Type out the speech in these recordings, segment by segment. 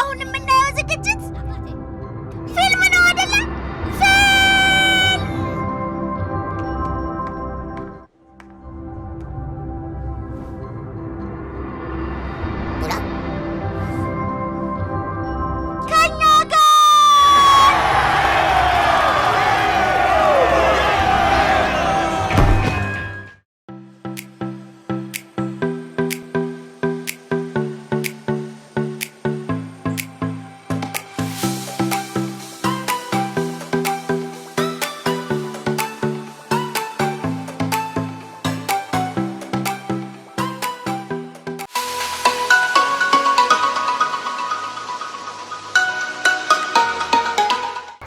አሁን የምናየው ዝግጅት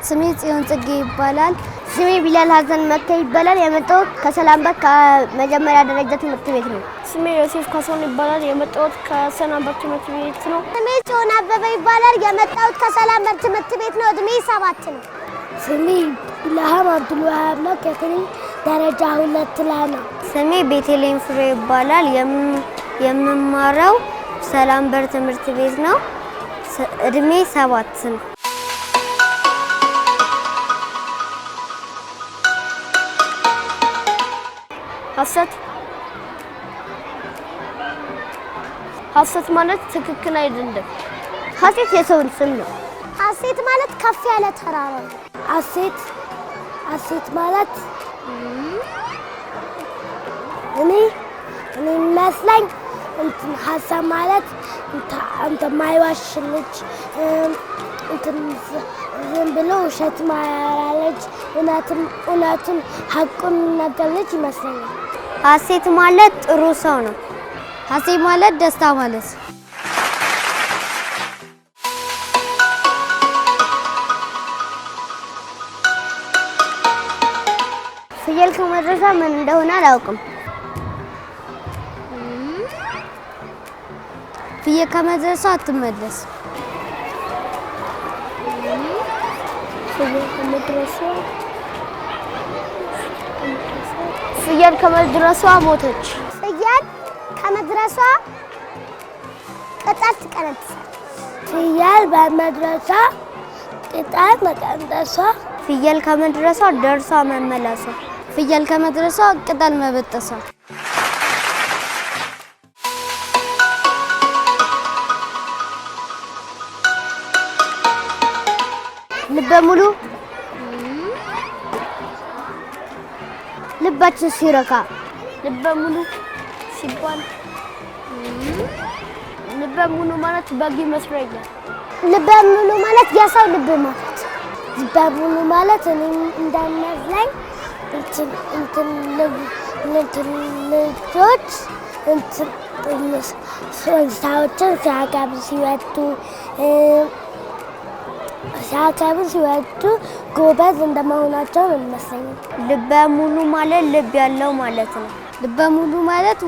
ስሜ ጽዮን ጽጌ ይባላል። ስሜ ቢላል ሀዘን መተ ይባላል። የመጣሁት ከሰላምበት ከመጀመሪያ ደረጃ ትምህርት ቤት ነው። ስሜ ዮሴፍ ካሳሁን ይባላል። የመጣሁት ከሰላምበት ትምህርት ቤት ነው። ስሜ ጽዮን አበበ ይባላል። የመጣሁት ከሰላምበት ትምህርት ቤት ነው። እድሜ ሰባት ነው። ስሜ ብልሃም አብዱልዋሃብ ነው። ከክኒ ደረጃ ሁለት ላይ ነው። ስሜ ቤተልሔም ፍሬ ይባላል። የምማረው ሰላምበር ትምህርት ቤት ነው። እድሜ ሰባት ነው። ሀሰት ሀሰት ማለት ትክክል አይደለም። ሀሴት የሰውን ስም ነው። ሀሴት ማለት ከፍ ያለ ተራራ ነው። ሀሴት ሀሴት ማለት እኔ እኔ የሚመስለኝ እንትን ሀሳብ ማለት እንትን የማይዋሽ ልጅ ዝም ብሎ ውሸት ማያለች እውነቱን ሀቁን የሚናገረች ይመስለኛል። ሀሴት ማለት ጥሩ ሰው ነው። ሀሴት ማለት ደስታ ማለት ፍየል ከመድረሷ ምን እንደሆነ አላውቅም። ፍየል ከመድረሷ አትመለስም። ፍየል ከመድረሷ ሞተች። ፍየል ከመድረሷ ቅጠል ትቀነጥሳለች። ፍየል በመድረሷ ቅጠል መቀንጠሷ። ፍየል ከመድረሷ ደርሷ መመለሷ። ፍየል ከመድረሷ ቅጠል መበጠሷ ልበ ሙሉ ልባችን ሲረካ ልበ ሙሉ ሲባል ልበ ሙሉ ማለት በግ ይመስለኛል። ልበ ሙሉ ማለት የሰው ልብ ማለት ልበ ሙሉ ማለት እኔም እንዳናዝላኝ እንትን እንትን እንትን ልጆች እንትን ሰዎችን ሲያጋቡ ሲወጡ ሀሳብን ሲወጡ ጎበዝ እንደመሆናቸው ነው የሚመስለኝ። ልበ ሙሉ ማለት ልብ ያለው ማለት ነው። ልበ ሙሉ ማለት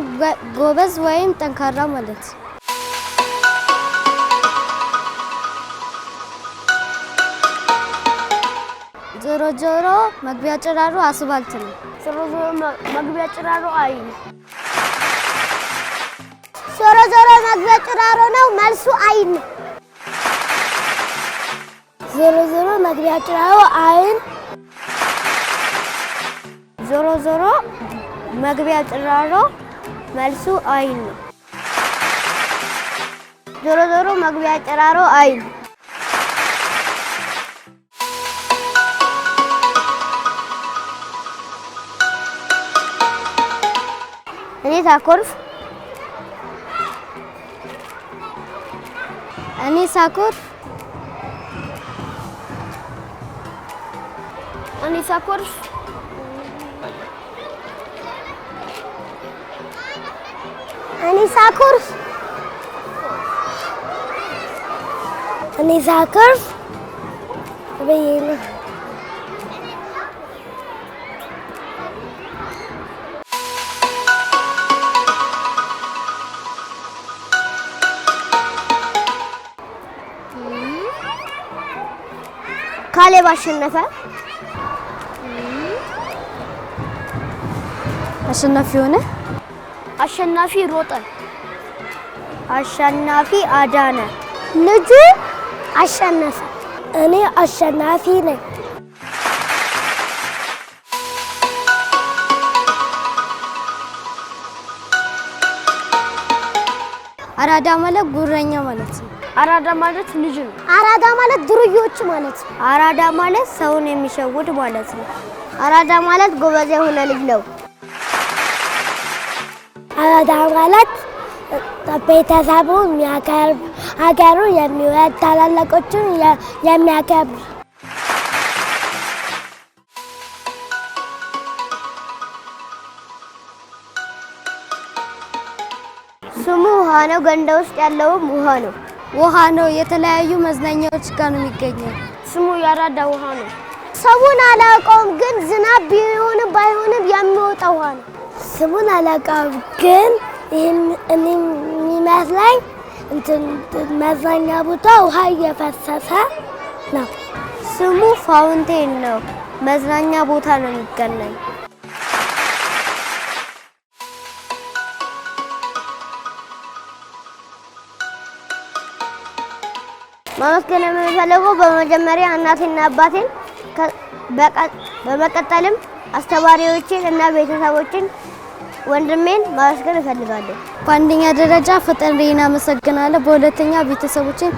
ጎበዝ ወይም ጠንካራ ማለት ነው። ዞሮ ዞሮ መግቢያ ጭራሮ አስፋልት ነው። ዞሮ ዞሮ መግቢያ ጭራሮ አይ ዞሮ ዞሮ መግቢያ ጭራሮ ነው። መልሱ አይ ነው። ዞሮ ዞሮ መግቢያ ጭራሮ አይን ዞሮ ዞሮ መግቢያ ጭራሮ መልሱ አይን ነው። ዞሮ ዞሮ መግቢያ ጭራሮ አይን እኔ ሳኮርፍ እኔ ሳኮርፍ Anissa Korf. Anissa Korf. Anissa Korf. Ve yeni. Kale başında efendim. አሸናፊ ሆነ። አሸናፊ ሮጠ። አሸናፊ አዳነ። ልጁ አሸነፈ። እኔ አሸናፊ ነኝ። አራዳ ማለት ጉረኛ ማለት ነው። አራዳ ማለት ልጅ ነው። አራዳ ማለት ዱርዮች ማለት ነው። አራዳ ማለት ሰውን የሚሸውድ ማለት ነው። አራዳ ማለት ጎበዝ የሆነ ልጅ ነው። አረዳ ማለት ቤተሰቡን የሚያከብር ሀገሩን የሚወድ ታላላቆቹን የሚያከብር ስሙ ውሃ ነው። ገንዳ ውስጥ ያለውም ውሃ ነው። ውሃ ነው። የተለያዩ መዝናኛዎች ጋር ነው የሚገኘው። ስሙ ያራዳ ውሃ ነው። ሰውን አላውቀውም፣ ግን ዝናብ ቢሆንም ባይሆንም የሚወጣ ውሃ ነው። ስሙን አላውቀውም፣ ግን ይህን እኔ የሚመስለኝ እንትን መዝናኛ ቦታ ውሃ እየፈሰሰ ነው። ስሙ ፋውንቴን ነው። መዝናኛ ቦታ ነው የሚገናኝ። ማመስገን የምንፈልገው በመጀመሪያ እናቴና አባቴን በመቀጠልም አስተማሪዎችን እና ቤተሰቦችን ወንድሜን ማመስገን እፈልጋለሁ። በአንደኛ ደረጃ ፈጣሪን አመሰግናለሁ። በሁለተኛ ቤተሰቦችን፣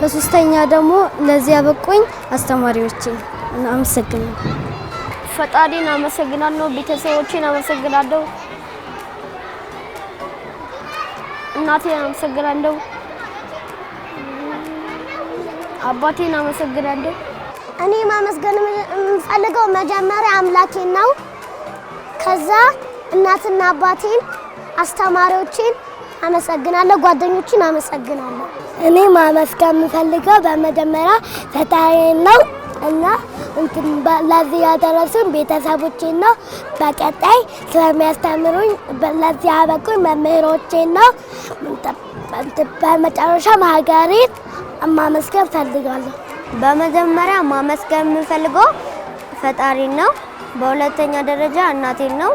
በሶስተኛ ደግሞ ለዚህ ያበቁኝ አስተማሪዎችን አመሰግናለሁ። ፈጣሪን አመሰግናለሁ። ቤተሰቦችን አመሰግናለሁ። እናቴን አመሰግናለሁ። አባቴን አመሰግናለሁ። እኔ ማመስገን የምፈልገው መጀመሪያ አምላኬን ነው። ከዛ እናትና አባቴን፣ አስተማሪዎችን አመሰግናለሁ። ጓደኞችን አመሰግናለሁ። እኔ ማመስገን የምፈልገው በመጀመሪያ ፈጣሪን ነው እና ለዚህ ያደረሱን ቤተሰቦቼን ነው። በቀጣይ ስለሚያስተምሩኝ ለዚህ ያበቁኝ መምህሮቼን ነው። በመጨረሻ ሀገሬን ማመስገን ፈልጋለሁ። በመጀመሪያ ማመስገን የምፈልገው ፈጣሪን ነው። በሁለተኛ ደረጃ እናቴን ነው።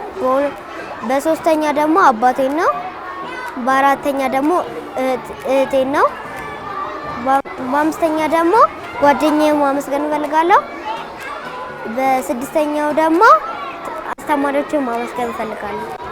በሶስተኛ ደግሞ አባቴን ነው። በአራተኛ ደግሞ እህቴን ነው። በአምስተኛ ደግሞ ጓደኛዬን ማመስገን እፈልጋለሁ። በስድስተኛው ደግሞ አስተማሪዎችን ማመስገን እፈልጋለሁ።